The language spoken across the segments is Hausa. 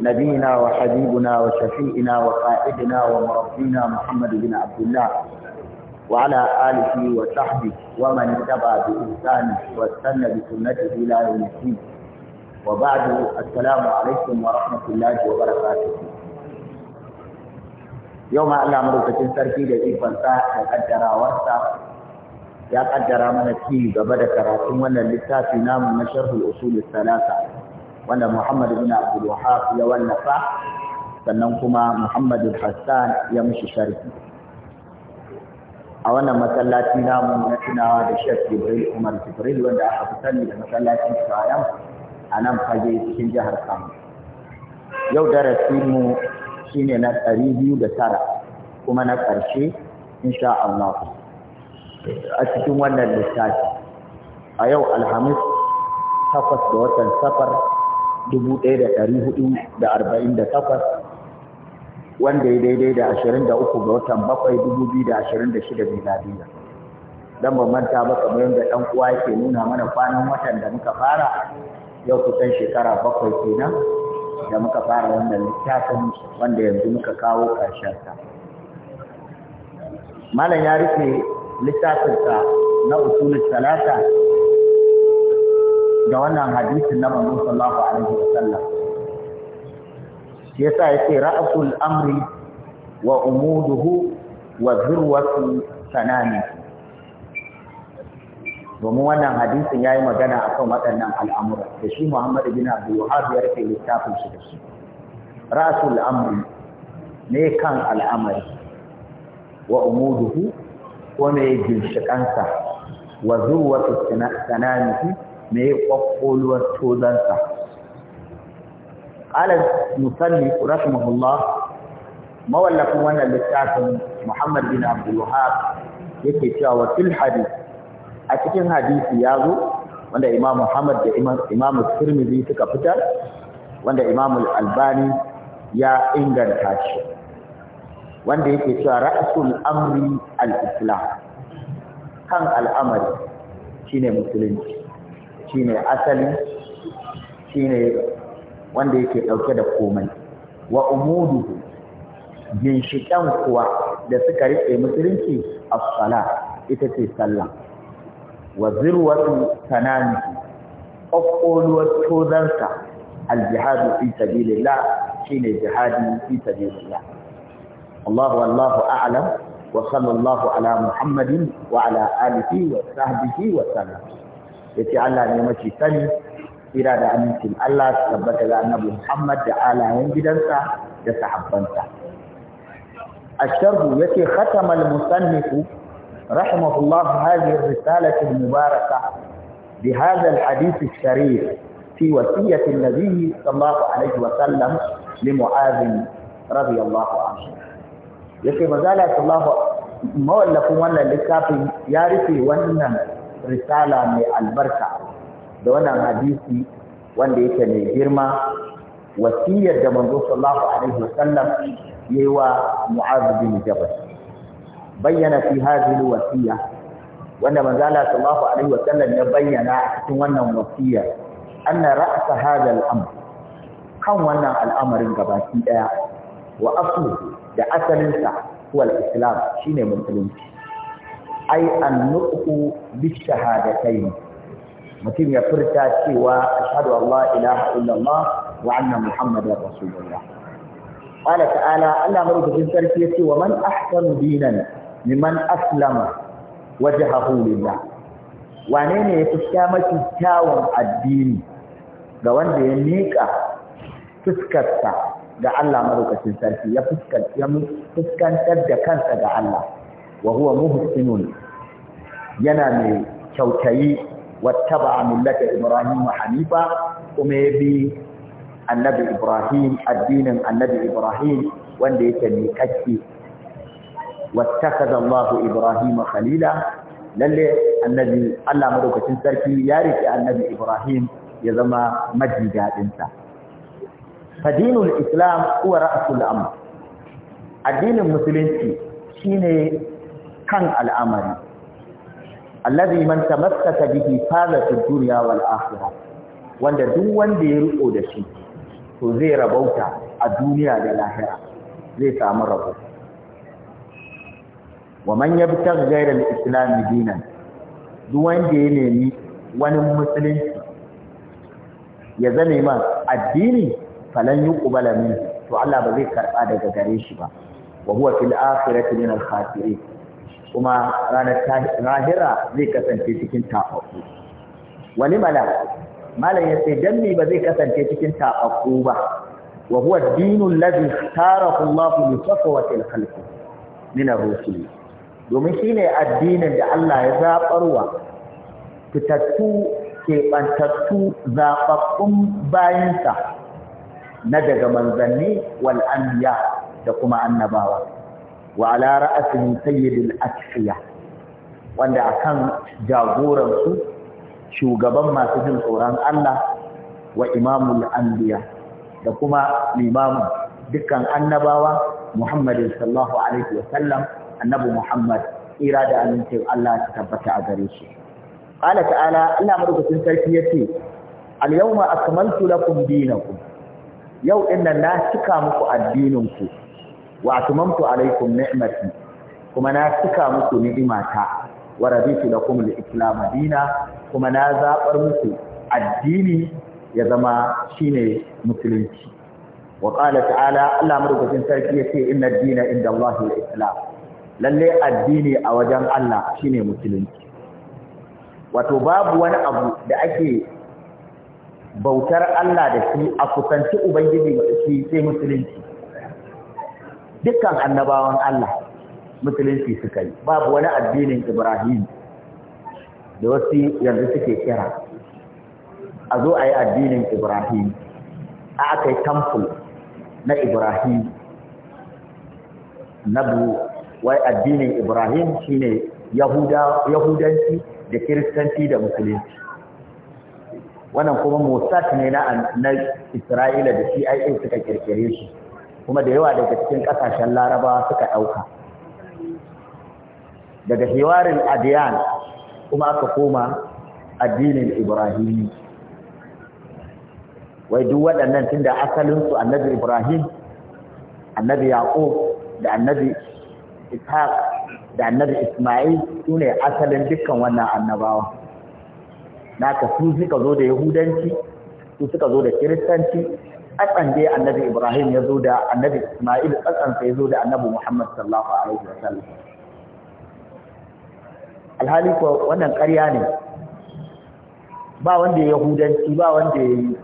نبينا وحبيبنا وشفيئنا وقائدنا ومربينا محمد بن عبد الله وعلى آله وصحبه ومن اتبع بإنسانه واستنى بسنته إلى يوم الدين وبعد السلام عليكم ورحمة الله وبركاته يوم الله مروكة سركي لإيقان ساعة قدر ورسا يا قدر من الكي قبل كراتون ولا لساتي نام من شرح الأصول الثلاثة wanda Muhammad ibn Abdul Wahhab ya wallafa sannan kuma Muhammad Hassan ya mishi sharhi a wannan masallaci namu na tunawa da Sheikh Jibril Umar Jibril wanda aka fi sani da masallacin Sayan a nan fage cikin jihar Kano yau darasi mu shine na ɗari biyu da tara kuma na ƙarshe insha Allah a cikin wannan littafi a yau Alhamis takwas da watan safar takwas, wanda ya daidai da ashirin da uku ga watan bakwai dubu biyu da da miladiya don bambanta ba kamar yadda ɗan uwa yake nuna mana kwanan watan da muka fara yau kusan shekara bakwai kenan da muka fara wannan littafin wanda yanzu muka kawo ƙarshensa malam ya rufe littafinsa na usulun talata da wannan hadisin na manzo sallallahu alaihi wasallam shi yasa yake ra'sul amri wa umuduhu wa zirwatu sanani domin wannan hadisin yayi magana akan waɗannan al'amura da shi Muhammad bin Abdul Wahhab ya rufe littafin shi da ra'sul amri ne kan al'amari wa umuduhu ko ne ginshiƙansa wa zurwatu sananihi me ya kwakwoluwar tozarsa ƙalar musalli rahimahullah mawallafin wannan littafin muhammad bin abdulwahab yake cewa wa fil hadith a cikin hadisi ya zo wanda imam muhammad da imam tirmidhi suka fitar wanda imam albani ya inganta shi wanda yake cewa ra'sul amri al-islam kan al'amari shine musulunci shine asali shine wanda yake dauke da komai wa umuduhu ginshiƙen kuwa da suka riƙe musulunci as-sala ita ce sallah wa zirwatu sanamihi ƙwaƙƙoluwar tozarsa al-jihadu fi sabilillah shine jihadi fi sabilillah Allahu wallahu a'lam wa sallallahu ala Muhammadin wa ala alihi wa sahbihi wa sallam yace Allah ne mafi sani kira da aminci Allah tabbata ga annabi Muhammad da alayen gidansa da sahabbansa ashabu yace khatama al-musannif rahimahullah hadhihi ar-risalah al-mubarakah bi hadha al-hadith ash-sharif fi wasiyati an-nabi sallallahu alayhi wa sallam li mu'adh radhiyallahu anhu yace mazala sallallahu mawallafin wannan likafin ya rufe wannan risala mai albarka da wannan hadisi wanda yake mai girma wasiyar da manzo sallallahu alaihi wasallam yayi wa Mu'adh bin Jabal bayyana fi hadhihi wasiya wanda manzo sallallahu alaihi wasallam ya bayyana cikin wannan wasiya anna ra's hadha al kan wannan al'amarin gabaki daya wa aslu da asalinsa huwa al-islam shine musulunci ai annuqu bishahadatayn mutum ya furta cewa ashhadu an la ilaha illallah wa anna muhammadar rasulullah qala ta'ala Allah madaukakin sarki ce wa man ahsanu dinan mimman aslama wajhahu lillah wane ne ya fuska mafi kyawun addini ga wanda ya miƙa fuskarsa ga Allah madaukakin sarki ya fuskantar da kansa ga Allah wa huwa muhsinun yana mai kyautayi wattaba millata ibrahim hanifa kuma ya bi annabi ibrahim addinin annabi ibrahim wanda yake mai kakki wattakaza allah ibrahim khalila lalle annabi Allah madaukakin sarki ya rike annabi ibrahim ya zama majidadin sa fadinul islam huwa ra'sul amr addinin musulunci shine kan al'amari allazi man tamassaka bihi faza fi dunya wal akhirah wanda duk wanda ya riko da shi to zai rabauta a duniya da lahira zai samu rabo wa man yabtaghi ghayra al-islam dinan duk wanda ya nemi wani musulunci ya zame ma addini falan yuqbala min to Allah ba zai karba daga gare shi ba wa huwa fil akhirati min al-khasirin kuma ranar lahira zai kasance cikin tafafu wani mala malam ya ce danni ba zai kasance cikin taaku ba wa huwa ad-dinu tara ikhtarahu Allah li safwati al-khalqi min ar-rusul domin shine addinin da Allah ya zaɓarwa fitattu keɓantattu zaɓaɓɓun bayansa na daga manzanni wal'amiya da kuma annabawa. wa ala ra'asin sayyidul asfiya wanda akan kan jagoransu shugaban masu jin tsoron Allah wa imamul anbiya da kuma limamin dukkan annabawa Muhammadin Sallahu alaihi wasallam annabi Muhammad tsira da amincin Allah ta tabbata a gare shi qala ta'ala Allah madaukakin sarki yace al yawma akmaltu lakum dinakum yau inna na cika muku addinin ku wa atmamtu alaikum ni'mati kuma na cika muku ni'imata wa raditu lakum al-islam dina kuma na zabar muku addini ya zama shine musulunci wa qala ta'ala Allah madaukakin sarki yace inna ad-dina inda Allah al-islam lalle addini a wajen Allah shine musulunci wato babu wani abu da ake bautar Allah da shi a kusanci ubangiji shi sai musulunci dukkan annabawan Allah musulunci suka yi babu wani addinin Ibrahim da wasu yanzu suke kira a zo a yi addinin Ibrahim a aka yi tamful na Ibrahim na wai addinin Ibrahim shine Yahudanci da Kiristanci da Musulunci wannan kuma Mossad ne na Isra'ila da CIA suka kirkire shi kuma da yawa daga cikin ƙasashen laraba suka ɗauka daga hewarin adiyan kuma aka koma addinin ibrahim wai duk waɗannan tunda asalinsu annabi ibrahim annabi yaqub da annabi ishaq da annabi isma'il sune asalin dukkan wannan annabawa naka su suka zo da yahudanci su suka zo da kiristanci tsatsan dai annabi Ibrahim ya zo da annabi Ismail tsatsan sai ya zo da annabi Muhammad sallallahu alaihi wasallam alhali ko wannan ƙarya ne ba wanda ya yahudanci ba wanda ya yi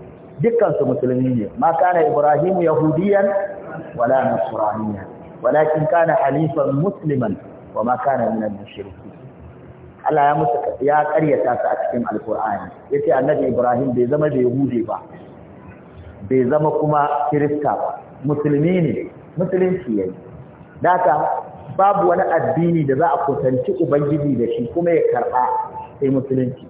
dukkan su musulmi ne ma kana Ibrahim yahudiyan wala nasraniyan walakin kana halifan musliman wa ma kana min al-mushrikin Allah ya musu ya ƙaryata su a cikin alkur'ani yace annabi Ibrahim bai zama da yahudi ba bai zama kuma kirista ba musulmi ne musulunci yayi daka babu wani addini da za a kotanci ubangiji da shi kuma ya karba sai musulunci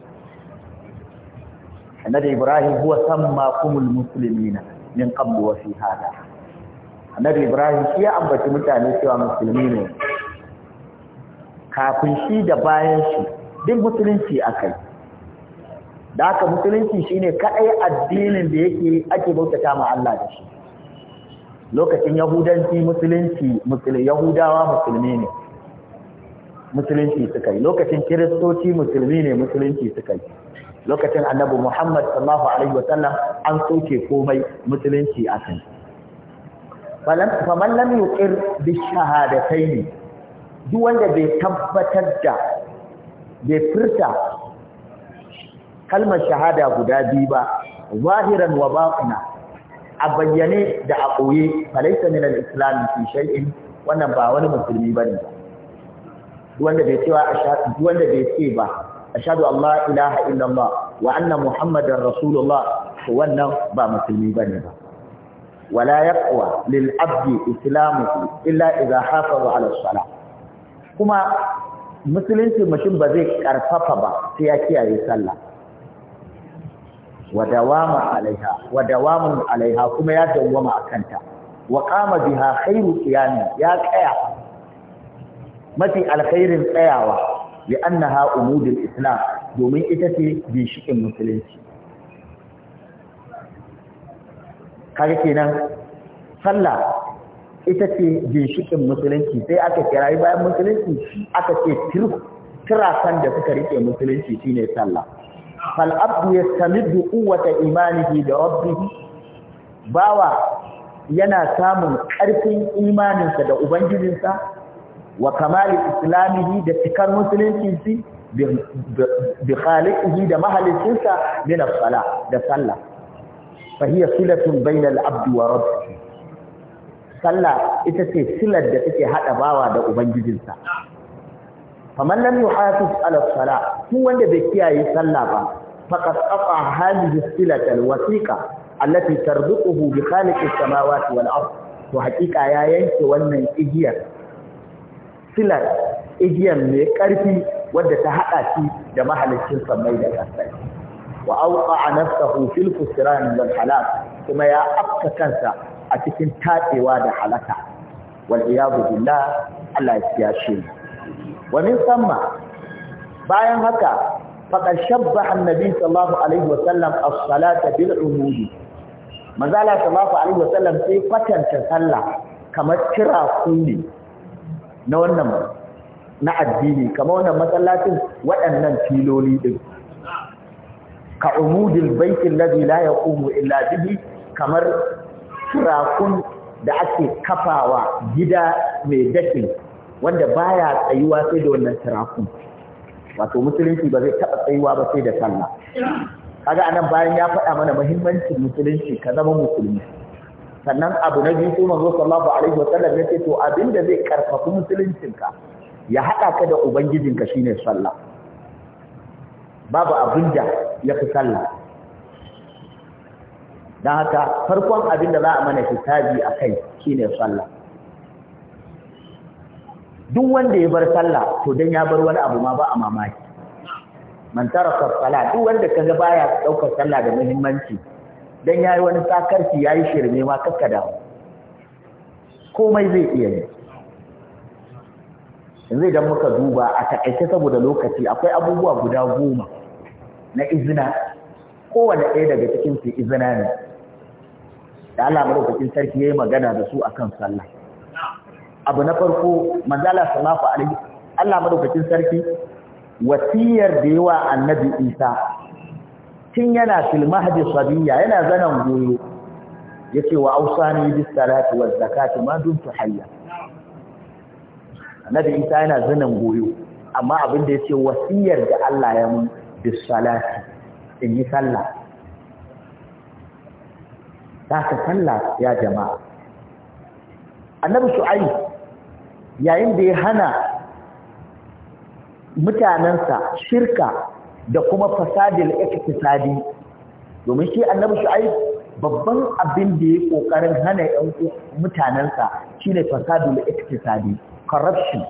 annabi ibrahim huwa kumul muslimina min qablu wa fi hada annabi ibrahim shi ya ambaci mutane cewa musulmi ne kafin shi da bayan shi duk musulunci akai da aka musulunci shi ne kaɗai addinin da yake ake bautata ma Allah da shi lokacin yahudanci musulunci yahudawa musulmi ne musulunci suka yi lokacin kiristoci musulmi ne musulunci suka yi lokacin annabi Muhammad sallahu alaihi wasallam an soke komai musulunci a kan faman lam yuqir bi shahadatayn duk wanda bai tabbatar da bai furta kalmar shahada guda biyu ba zahiran wa batina a bayyane da a koye falaita min al-islam fi shay'in wannan ba wani musulmi bane ba wanda bai cewa ashhadu wanda bai ce ba ashhadu Allah ilaha illallah wa anna muhammadar rasulullah wannan ba musulmi bane ba wala yaqwa lil abdi islamuhu illa idha hafaza ala salah kuma musulunci mutum ba zai karfafa ba sai ya kiyaye sallah wa dawama alaiha alaiha kuma ya dawwama akanta wa qama biha khairu qiyami ya tsaya mafi alkhairin tsayawa li annaha umudul islam domin ita ce binshikin musulunci kaga kenan sallah ita ce binshikin musulunci sai aka kirayi bayan musulunci aka ce tirasan da suka riƙe musulunci shine sallah fal abdu yastamiddu quwwata imanihi da rabbih bawa yana samun ƙarfin imaninsa da ubangijinsa wa kamali islamihi da cikar musulunci bi khaliqihi da mahalicinsa min as-sala da sallah fa hiya silatun bayna al wa rabbih sallah ita ce silar da take haɗa bawa da ubangijinsa faman lam yuhafiz ala salah duk wanda bai kiyaye sallah ba faqad qafa hadhihi wasiƙa alwasiqa allati tarbiquhu bi khaliqi samawati wal ard to hakika ya yanke wannan igiyar silar igiyar mai karfi wadda ta hada shi da mahalicin sammai da kasai wa awqa nafsahu fil khusran wal halak kuma ya afka kansa a cikin tatsewa da halaka wal iyadu billah Allah ya wa samma bayan haka faqad shabbaha annabi sallallahu alaihi wa sallam salata bil umudi manzala alaihi sai kwatanta sallah kamar kira na wannan na addini kamar wannan masallacin waɗannan filoli din ka umudil baikin alladhi ya yaqumu illa bihi kamar kirakun da ake kafawa gida mai dakin wanda baya tsayuwa sai da wannan tarafu wato musulunci ba zai taɓa tsayuwa ba sai da sallah kaga anan bayan ya faɗa mana muhimmancin musulunci ka zama musulmi sannan abu na biyu kuma zo sallallahu alaihi wa sallam yace to abinda zai karfafi musuluncinka ya haɗa ka da ubangijinka shine sallah babu abinda ya fi sallah dan haka farkon abin da za a mana hisabi a kai shine sallah duk wanda ya bar sallah to dan ya bar wani abu ma ba a mamaki man taraka salat duk wanda kaga baya daukar sallah da muhimmanci dan yayi wani sakarci yayi shirme ma kakka da komai zai iya ne yanzu idan muka duba a takaice saboda lokaci akwai abubuwa guda goma na izina kowane ɗaya daga cikin su izina ne da Allah madaukakin sarki yayi magana da su akan sallah abu na farko manzala sallallahu alaihi Allah madaukakin sarki wasiyar da yawa annabi Isa tun yana fil mahdi sabiya yana zanan goyo yace wa ausani bis salati waz zakati ma dumtu hayya annabi Isa yana zanan goyo amma abin da yace wasiyar da Allah ya mun bis salati in yi sallah ta ka sallah ya jama'a annabi shu'aib yayin da ya hana mutanensa shirka da kuma fasadil iktisadi domin shi annabi shu'aib babban abin da ya kokarin hana yan mutanensa shine fasadul iktisadi corruption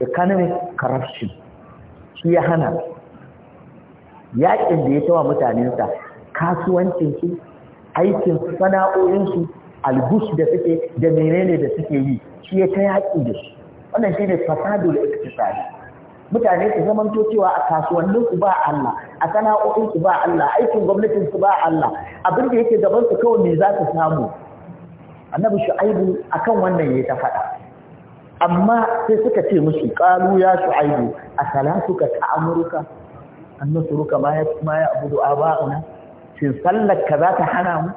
economic corruption shi ya hana yakin da ya tawa mutanensa kasuwancin su aikin sana'o'in algus da suke da menene da suke yi shi ya ta yaƙi da shi wannan shi ne da iktisadi mutane su zamanto cewa a kasuwannin ku ba Allah a sana'o'in su ba Allah aikin gwamnatin su ba Allah abin da yake gaban su kawai ne za su samu annabi shu'aibu akan wannan ya ta faɗa amma sai suka ce mushi qalu ya shu'aibu asalatuka ta'amuruka annasuruka ma ya ma ya abudu aba'una shin sallar ka za ta hana mu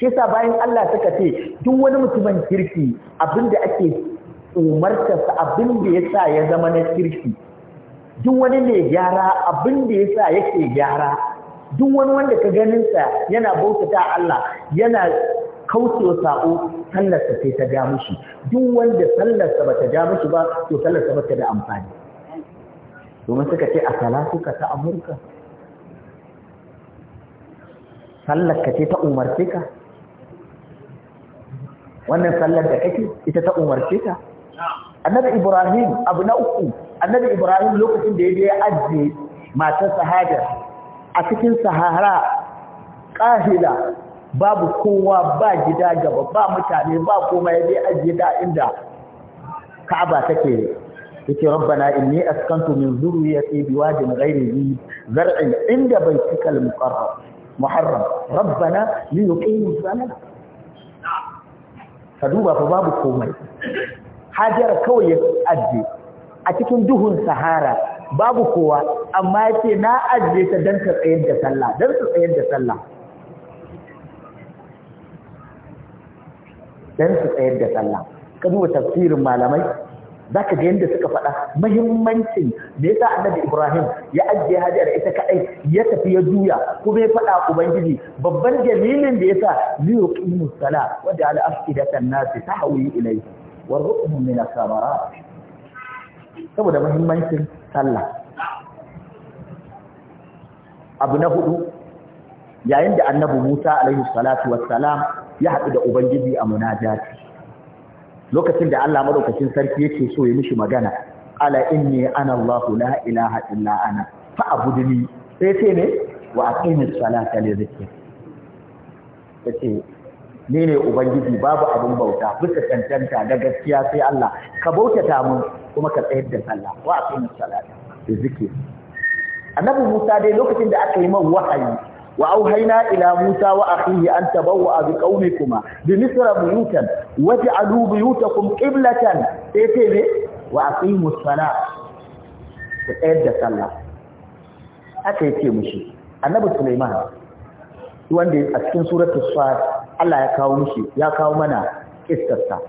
shi yasa bayan Allah suka ce duk wani mutumin kirki abinda ake umarta sa abin da yasa ya zama na kirki duk wani mai gyara abin da yasa yake gyara duk wani wanda ka ganin sa yana bautata Allah yana kaucewa sa'o sallarsa sai ta ga mushi duk wanda sallarsa bata ga mushi ba to sallarsa bata da amfani domin suka ce a Salatu ka ta amurka sallarka ce ta umarce ka wannan sallar da kake ita ta umarce ta annabi ibrahim abu na uku annabi ibrahim lokacin da ya je ya matar sahajar a cikin sahara kahila babu kowa ba gida gaba ba mutane ba komai ya je ajiye inda ka'aba take yake rabbana inni askantu min zurriyati biwadin ghairi zi zar'in inda baitikal muqarrab muharram rabbana li yuqimu ka duba fa babu komai hajara kawai ya ajiye a cikin duhun sahara babu kowa amma ya ce na ajiye ta don ta tsayar da sallah don ta tsayar da sallah don ta tsayar da sallah ka duba tafsirin malamai za ka ga yadda suka faɗa mahimmancin me yasa annabi Ibrahim ya ajiye da ita kaɗai ya tafi ya juya kuma ya faɗa Ubangiji babban dalilin da yasa li yuqimu sala wa ja'ala afidatan nas tahwi ilayhi warzuqhum min as-samarat saboda mahimmancin sallah abu na hudu yayin da annabi Musa alaihi salatu wassalam ya haɗu da Ubangiji a munajati lokacin da Allah madaukakin sarki yake so ya mishi magana ala inni ana Allah la ilaha illa ana fa abudni sai ce ne wa aqimis salata li zikri sai ni ne ubangiji babu abun bauta bisa tantanta da gaskiya sai Allah ka bautata mun kuma ka tsayar da sallah wa aqimis salata li zikri annabi Musa dai lokacin da aka yi man wahayi wa auhaina ila Musa wa akhihi an tabawwa bi qaumikuma bi misr buyutan waj'alu buyutakum qiblatan tayyibe wa aqimus salat ku tayyada sallah haka yake mushi annabi Sulaiman wanda a cikin suratul fat Allah ya kawo mushi ya kawo mana kissarsa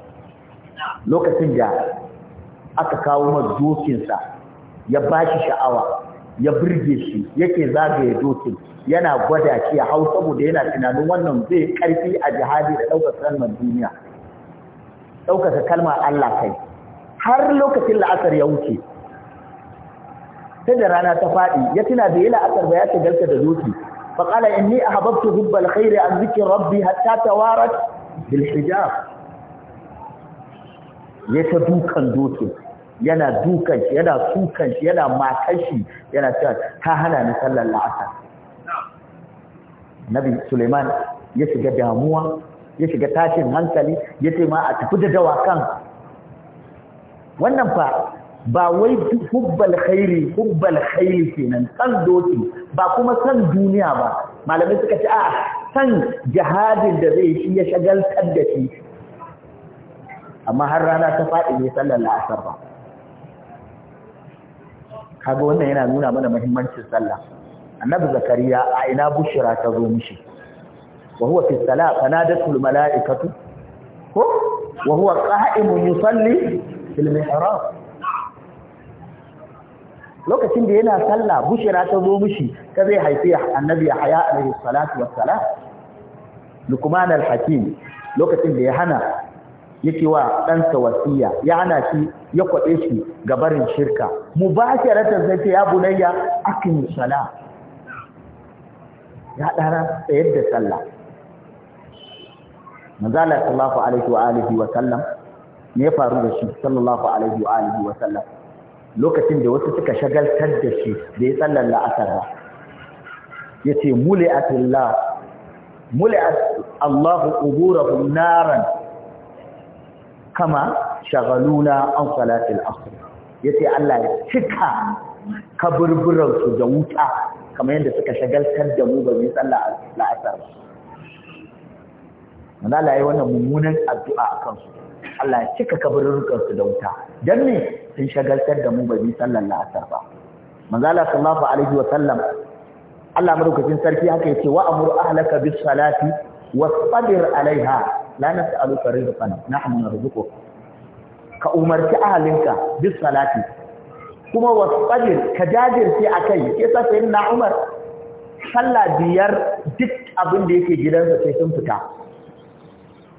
lokacin da aka kawo masa dokinsa sa ya bashi sha'awa ya burge shi yake zagaye dokin yana gwada shi ya hau saboda yana tunanin wannan zai karfi a jihadi da ɗaukar kalmar duniya ɗaukar kalmar Allah kai har lokacin la'asar ya wuce sai da rana ta faɗi ya tuna da yi la'asar ba ya shigarta da doki faƙala inni ahbabtu hubbal khairi an zikin rabbi hatta tawarat bil hijab ya ta dukan doki yana dukan shi yana sukan shi yana makashi yana cewa ta hana ni sallar la'asar nabi suleiman ya shiga damuwa ya shiga tashin hankali ya ce ma a tafi da dawakan wannan fa ba wai hubbal khairi hubbal khairi kenan san doki ba kuma san duniya ba malamai suka ce a san jihadin da zai shi ya shagaltar da shi amma har rana ta faɗi ne sallar la'asar ba kaga wannan yana nuna mana muhimmancin sallah annabi zakariya a ina bushira ta zo mishi wa huwa fi salat fanadatul malaikatu ko wa huwa qa'imun yusalli fil mihrab lokacin da yana sallah bushira ta zo mishi ta zai haifi annabi haya alaihi salatu wassalam lukman al-hakim lokacin da ya hana yake wa ɗansa wasiya ya hana shi ya kwaɗe shi ga barin shirka mu ba shi ratar sai ya bunayya akin sala ya ɗara tsayar da sallah manzala sallallahu alaihi wa alihi wa sallam me ya faru da shi sallallahu alaihi wa alihi wa sallam lokacin da wasu suka shagaltar da shi da ya tsallar la'asar ba ya ce muli'atullah muli'at Allahu uburahum naran kama shagaluna an salatil Ya ce Allah ya cika kaburburan da wuta kamar yadda suka shagaltar da mu ba mu yi sallah la'asar ba manzo Allah yayi wannan mummunan addu'a a kansu. Allah ya cika kabarin su da wuta Don ne sun shagaltar da mu ba mu yi sallah la'asar ba manzo Allah sallallahu alaihi wa sallam Allah madaukakin sarki haka yace wa amur ahlaka bis salati wasbir alaiha la nas'aluka rizqan nahnu narzuquka ka umarci ahlinka bis salati kuma wasfajir ka jajirce a kai ke sasa na umar sallah biyar duk abin da yake gidansa sai sun fita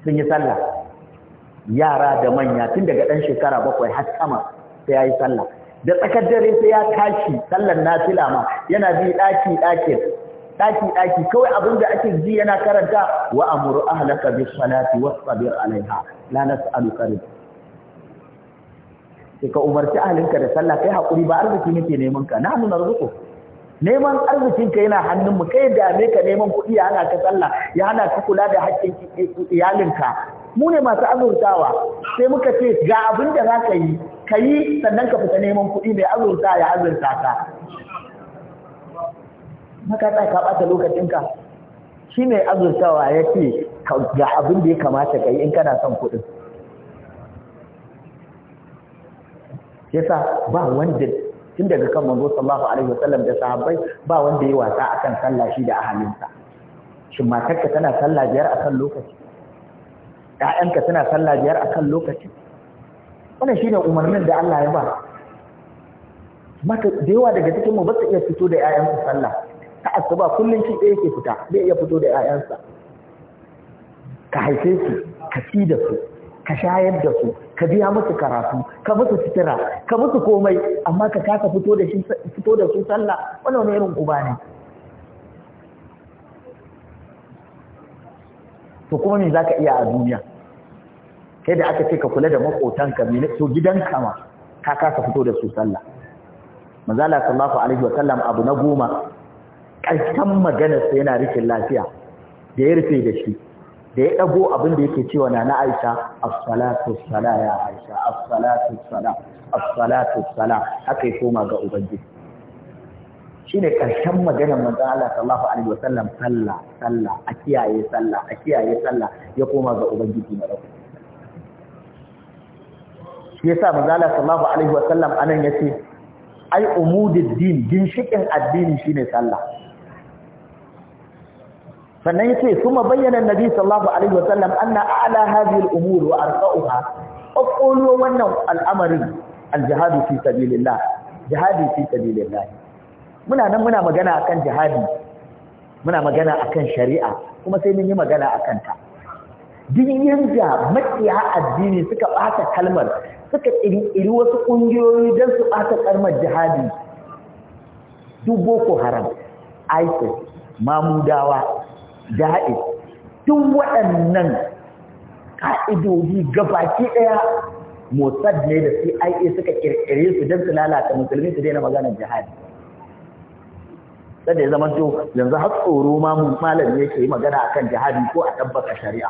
sun yi sallah yara da manya tun daga ɗan shekara bakwai har sama sai ya yi sallah da tsakar dare sai ya tashi sallar nafila filama yana bi ɗaki ɗakin ɗaki ɗaki kawai abin da ake ji yana karanta wa amuru ahlaka bis salati wasbir alaiha la nas'aluka rizqan sai ka umarci ahalinka da sallah kai haƙuri ba arziki nake neman ka nahnu narzuqu neman arzikin ka yana hannun mu kai da me ka neman kuɗi ya hana ka sallah ya hana ka kula da haƙƙin iyalinka mu ne masu azurtawa sai muka ce ga abin da za ka yi ka yi sannan ka fita neman kuɗi mai azurta ya azurta ka maka ta ka ɓata lokacinka shi mai azurtawa ya ce ga abin da ya kamata ka yi in kana son kuɗin yasa ba wanda tun daga kan manzo sallallahu alaihi wasallam da sahabbai ba wanda ya wasa akan sallah shi da ahalinsa shin matarka tana sallah biyar akan lokaci ƴaƴanka tana sallah biyar akan lokaci wannan shine umarnin da Allah ya ba mata da yawa daga cikin mu ba su iya fito da ƴaƴansu sallah ta asuba kullun shi ɗaya yake fita bai iya fito da ƴaƴansa ka haife su ka ci da su ka shayar da su ka biya musu karatu ka musu sutura ka musu komai amma ka kasa fito da su sallah wani wani irin uba ne to kuma me zaka iya a duniya kai da aka ce ka kula da makotanka me to gidanka ma ka kasa fito da su sallah manzala sallallahu alaihi wa sallam abu na goma ƙarshen maganarsa yana rikin lafiya da ya rufe da shi da ya ɗago abin da yake cewa na na Aisha as-salatu sala ya Aisha as-salatu sala as-salatu sala haka ya koma ga ubangiji shine karshen maganar manzon Allah sallallahu alaihi sallam sallah sallah a kiyaye sallah a kiyaye sallah ya koma ga ubangiji na rabu shi yasa manzon Allah sallallahu alaihi sallam anan yace ai umudid din ginshikin addini shine sallah sannan yace kuma bayyana nabi sallallahu alaihi wasallam anna a'la hadhihi al-umur wa arfa'uha aqulu wannan al'amarin al-jihadu fi sabilillah jihadi fi sabilillah muna nan muna magana akan jihadi muna magana akan shari'a kuma sai mun yi magana akan ta duk yanda makiya addini suka bata kalmar suka ƙirƙiri wasu ƙungiyoyi don su bata kalmar jihadi dubo ko haram isis mamudawa da'i duk waɗannan ƙa'idodi gabaki ɗaya motsad ne da CIA suka ƙirƙire su don su lalata musulmi su daina magana jihadi sai da ya zama to yanzu har tsoro ma malam yake yi magana akan jihadi ko a tabbata shari'a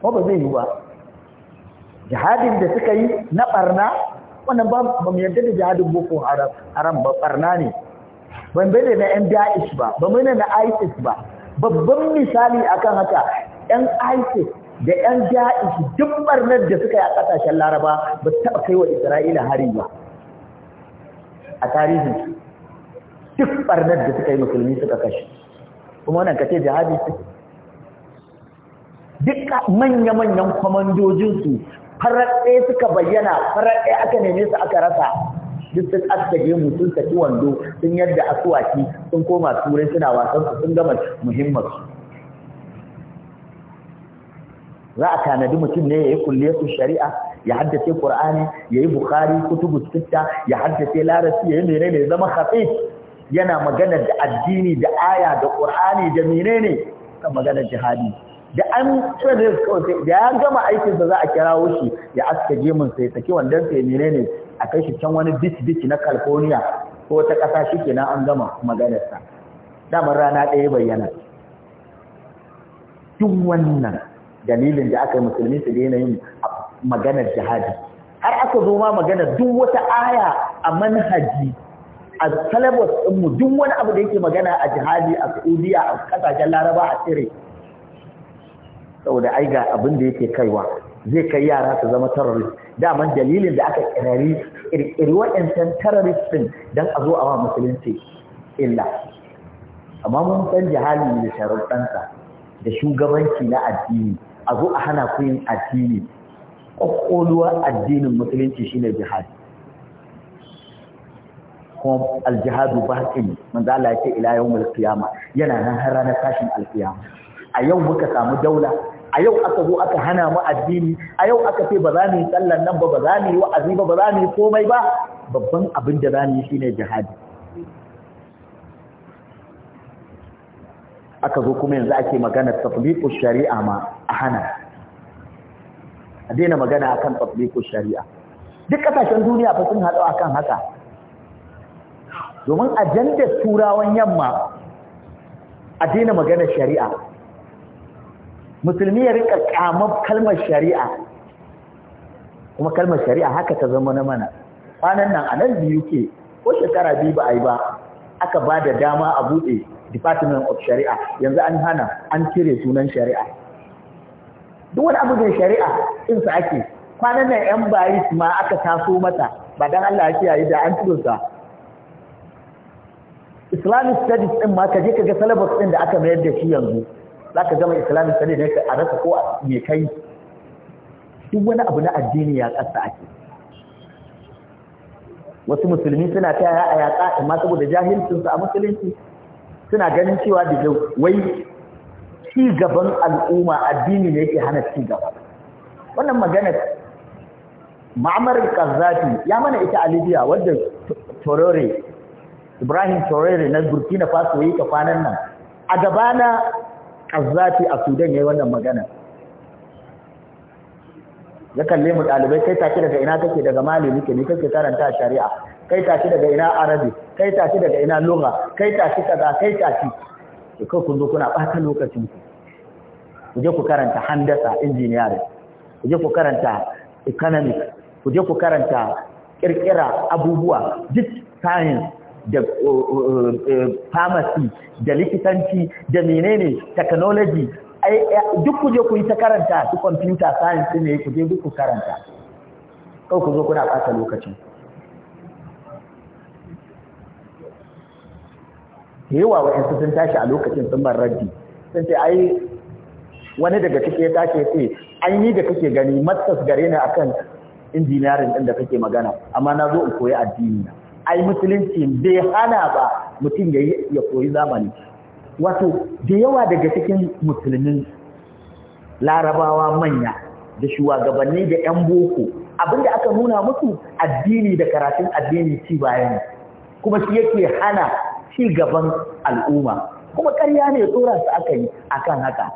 ko ba zai yi ba jihadin da suka yi na barna wannan ba mu yarda da jihadin boko haram ba barna ne ban da na yan da'ish ba ba mu na isis ba babban misali akan haka yan isis da yan da'ish duk barnar da suka yi a ƙasashen laraba ba su taɓa kai wa isra'ila hari ba a tarihin su duk barnar da suka yi musulmi suka kashe kuma wannan kace jihadi duk manya-manyan kwamandojinsu farar ɗaya suka bayyana farar ɗaya aka neme su aka rasa duk sun ga mu sun saki wando sun yadda asuwaki sun koma turai suna wasan su sun gama muhimmar za a tanadi mutum ne ya yi su shari'a ya haddace qur'ani ya yi bukhari kutubu sitta ya haddace larabci ya yi menene zama hafi, yana magana da addini da aya da qur'ani da menene kan magana jihadi da an tsare da ya gama aikinsa za a kirawo shi ya aske gemun sai saki wandan sai menene a kai shi can wani bit na California ko ta ƙasa shi kenan an gama maganarsa damar rana ɗaya bayyana duk wannan dalilin da aka yi musulmi su daina yin maganar jihadi har aka zo ma maganar duk wata aya a manhaji a salabas ɗinmu duk wani abu da yake magana a jihadi a saudiya a kasashen laraba a tsire sau da aiga abin da yake kaiwa zai kai yara su zama terrorist daman dalilin da aka kirari kirkiri waɗancan terroristin don a zo a wa musulunci illa amma mun san jihali da sharuɗansa da shugabanci na addini a zo a hana ku yin addini ƙwaƙwaluwar addinin musulunci shi ne jihadi kuma aljihadu batin manzo Allah ya ce ila yana nan har ranar tashin alqiyama a yau muka samu daula a yau aka zo aka hana mu addini a yau aka ce ba za mu yi sallan nan ba ba za mu yi wa'azi ba ba za mu yi komai ba babban abin da za mu yi shine jihadi aka zo kuma yanzu ake magana tatbiqu shari'a ma a hana a daina magana akan tatbiqu shari'a duk kasashen duniya fa sun haɗu akan haka domin ajandar turawan yamma a daina magana shari'a musulmi ya rika kamar kalmar shari'a kuma kalmar shari'a haka ta zama na mana kwanan nan a nan biyu ke ko shekara biyu ba a yi ba aka ba da dama a buɗe department of shari'a yanzu an hana an cire sunan shari'a duk wani abu da shari'a in sa ake kwanan nan yan bayi ma aka taso mata ba dan Allah ya yayi da an sa Islamic studies din ma ka je ka ga syllabus din da aka mayar da shi yanzu za ka zama islami sani ne a rasa ko mai kai duk wani abu na addini ya ƙasa ake wasu musulmi suna ta yaya a yaƙa amma saboda jahilcinsu a musulunci suna ganin cewa da wai ci gaban al'umma addini ne ke hana ci gaba wannan magana ma'amar kazafi ya mana ita a libya wadda torore ibrahim torore na burkina faso yi kwanan nan a gabana ƙazzafi a sudan ya yi wannan magana ya kalle mu ɗalibai kai tashi daga ina kake daga mali muke ni kake karanta shari'a kai tashi daga ina arabi kai tashi daga ina lugha kai tashi kaza kai tashi to kai kun zo kuna ɓata lokacin ku ku je ku karanta handasa engineering ku je ku karanta economic ku je ku karanta kirkira abubuwa duk science da uh, uh, uh, pharmacy da likitanci da menene technology duk kuje ku yi ta karanta su computer science ne ku je duk ku karanta kawai ku zo kuna ɓata lokacin yawa wa wa'yansu sun tashi a lokacin sun raddi sun ce ai wani daga cike ya tashi ya ce an yi da kake gani matsas gare ni akan injiniyarin ɗin da kake magana amma na zo in koyi addini na ai musulunci bai hana ba mutum ya ya koyi zamani wato da yawa daga cikin musulmin larabawa manya da shugabanni da yan boko abinda aka nuna musu addini da karatun addini ci bayan kuma shi yake hana ci gaban al'umma kuma ƙarya ne tsora su aka yi akan haka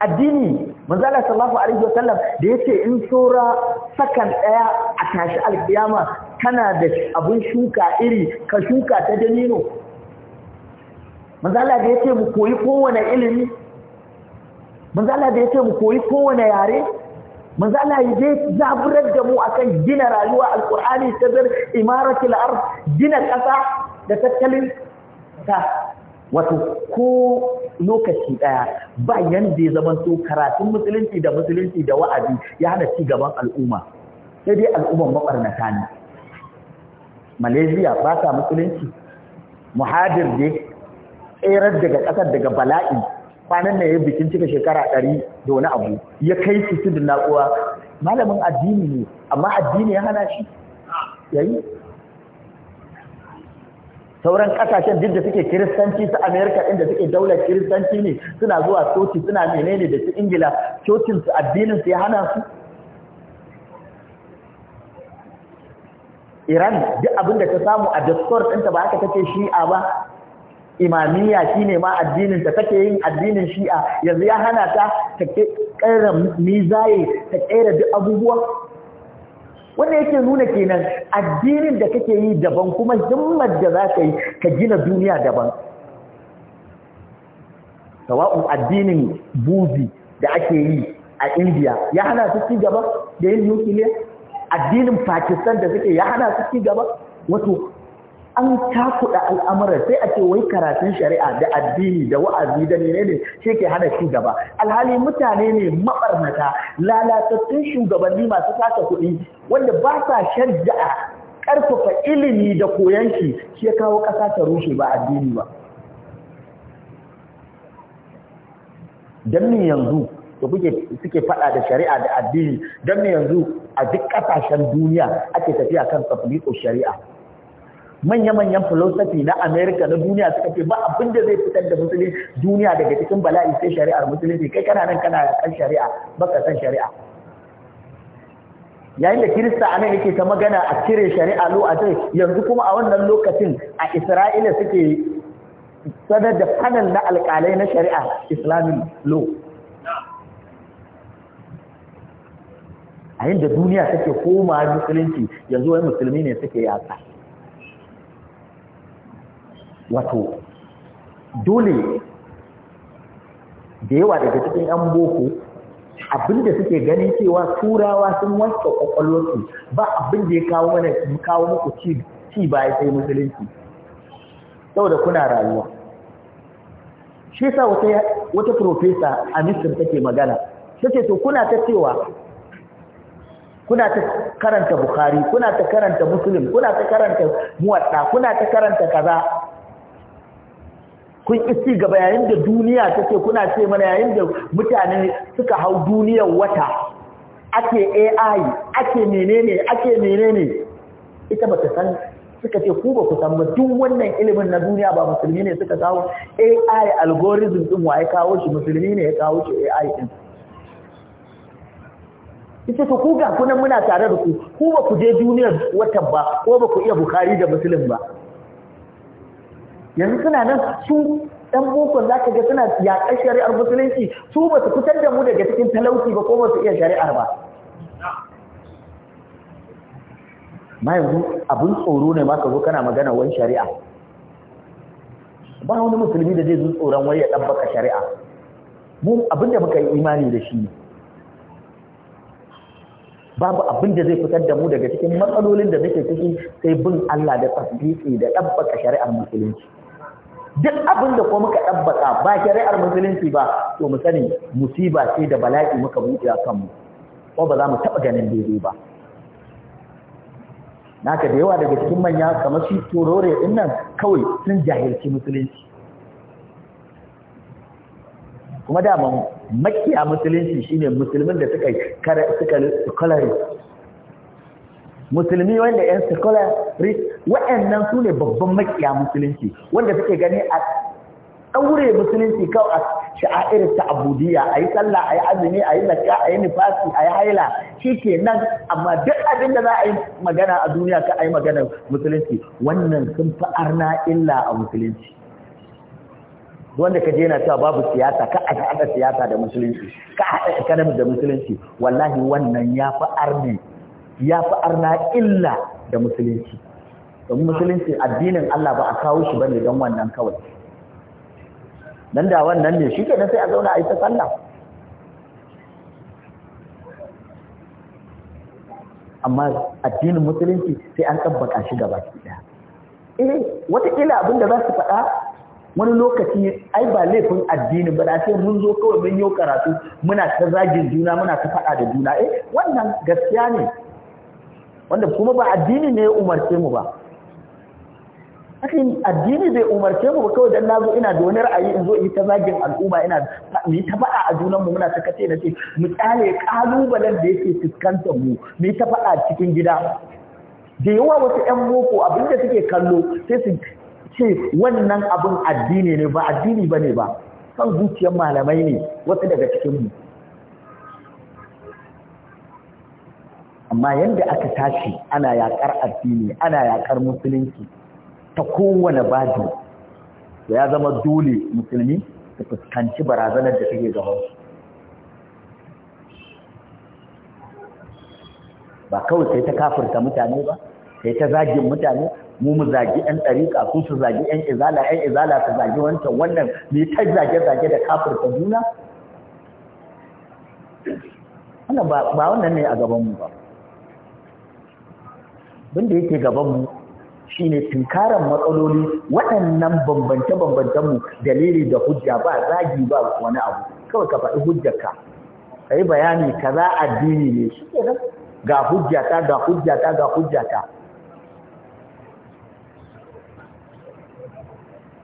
addini manzala sallallahu alaihi wasallam da yace in tsora sakan daya a tashi alkiyama kana da abin shuka iri ka shuka ta danino manzala da ya mu koyi kowane ilimi manzala da ya mu koyi kowane yare manzala ya zaburar da mu akan gina rayuwa alkur'ani ta zar imaratul ard gina ƙasa da tattalin ta wato ko lokaci ɗaya ba yanda ya zama to karatun musulunci da musulunci da wa'azi ya hana ci gaban al'umma sai dai al'umman mabarnata ne malaysia ba sa musulunci muhadir ne tserar daga ƙasar daga bala'i kwanan na ya bikin cika shekara ɗari da wani abu ya kai su da na'uwa malamin addini ne amma addini ya hana shi yayi sauran kasashen duk da suke kiristanci su amerika inda suke daular kiristanci ne suna zuwa coci suna menene da su ingila cocinsu addininsu ya hana su Iran duk abin da ta samu a discord ɗinta ba haka take shi'a ba imamiyya shine ma addinin ta take yin addinin shi'a yanzu ya hana ta ta kaira mizaye ta kaira duk abubuwa wanda yake nuna kenan addinin da kake yi daban kuma himmar da za ka yi ka gina duniya daban sawa'un addinin buzi da ake yi a indiya ya hana su ci gaba da yin nukiliya addinin Pakistan da suke ya hana su ci gaba wato an takuda al'amuran sai a ce wai karatun shari'a da addini da wa'azi da ne shi ke hana ci gaba alhali mutane ne mabarnata lalatattun shugabanni masu kasa kuɗi wanda ba sa shajja'a ƙarfafa ilimi da koyon shi shi ya kawo ƙasa ta rushe ba addini ba don yanzu da suke faɗa da shari'a da addini don me yanzu a duk kasashen duniya ake tafiya kan tafliko shari'a manya-manyan filosofi na amerika na duniya suka ce ba abin da zai fitar da musulmi duniya daga cikin bala'i sai shari'ar musulunci kai kana nan kana kan shari'a baka san shari'a yayin da kirista a nan yake ta magana a cire shari'a lo a yanzu kuma a wannan lokacin a isra'ila suke sanar da panel na alƙalai na shari'a islamic law a yadda duniya take koma musulunci yanzu wani musulmi ne suke yasa wato dole da yawa daga cikin yan boko abinda suke gani cewa turawa sun wanke kwakwalwarsu ba abin da ya kawo mana kawo muku ci baya sai musulunci Sau da kuna rayuwa shi sa wata profesa a Misir take magana tace to kuna ta cewa kuna ta karanta bukhari kuna ta karanta muslim kuna ta karanta muwatta kuna ta karanta kaza kun isi gaba yayin da duniya take kuna ce mana yayin da mutane suka hau duniyar wata ake AI ake menene ake menene ita bata san suka ce ku ba ku san ba duk wannan ilimin na duniya ba musulmi ne suka kawo AI algorithm din waye kawo shi musulmi ne ya kawo shi AI din yace to ku ga kunan muna tare da ku ku ba ku je duniyar watan ba ko ba ku iya bukhari da musulun ba yanzu suna nan su dan za ka ga suna yaƙar shari'ar musulunci su ba su fitar da mu daga cikin talauci ba ko ba su iya shari'ar ba ma yanzu abin tsoro ne ma ka zo kana magana wani shari'a ba wani musulmi da zai zo tsoron wai ya ɗabbaka shari'a mu abin da muka yi imani da shi ne babu abin da zai fitar da mu daga cikin matsalolin da muke ciki sai bin Allah da tasbiki da ɗabbaka shari'ar musulunci duk abin da ko muka ɗabbaka ba shari'ar musulunci ba to mu sani musiba ce da bala'i muka buɗe a kanmu ko ba za mu taɓa ganin daidai ba naka da yawa daga cikin manya kamar shi turore ɗin nan kawai sun jahilci musulunci kuma da makiya musulunci shine musulmin da suka suka colorist musulmi wanda yan colorist waɗannan su ne babban makiya musulunci wanda suke gani a aure musulunci kawai a sha'airar ta a ayi sallah ayi azumi ayi zakka ayi yi nifasi a haila shi ke nan amma duk abin da za a yi magana a duniya ka ayi magana musulunci wannan sun fi arna illa a musulunci wanda ka je yana cewa babu siyasa ka a haɗa siyasa da musulunci ka haɗa economic da musulunci wallahi wannan ya fi arni ya fi arna illa da musulunci domin musulunci addinin Allah ba a kawo shi bane don wannan kawai dan da wannan ne shi kenan sai a zauna a yi ta sallah amma addinin musulunci sai an tabbaka shi gaba ɗaya eh wata ila abinda za su faɗa wani lokaci ai ba laifin addini ba da sai mun zo kawai mun yi karatu muna ta zagin juna muna ta faɗa da juna eh wannan gaskiya ne wanda kuma ba addini ne ya umarce mu ba Akin addini bai umarce mu ba kawai dan nazo ina da wani ra'ayi in zo in ta zagin al'umma ina mu ta faɗa a junan mu muna ta kace na ce mu tsale kalubalen da yake fuskantar mu mu ta faɗa cikin gida da yawa wasu 'yan boko abinda suke kallo sai su ce wannan abin addini ne ba addini ba ne ba kan zuciyar malamai ne wasu daga cikin cikinmu amma yadda aka tashi ana yakar addini ana yakar musulunci ta kowane baji ya zama dole musulmi su fuskanci barazanar da take gabansu ba kawai sai ta kafurta mutane ba sai ta zagin mutane mu mu zagi yan ɗariƙa su su zagi yan izala yan izala su zagi wancan wannan mai ta zage-zage da ta juna wannan ba wannan ne a gabanmu ba da yake gabanmu shi ne tunkaran matsaloli waɗannan bambance-bambancenmu dalili da hujja ba zagi ba wani abu kawai ka faɗi hujjarka ka yi bayani kaza addini ne shi ga hujjata ga hujjata ga hujjata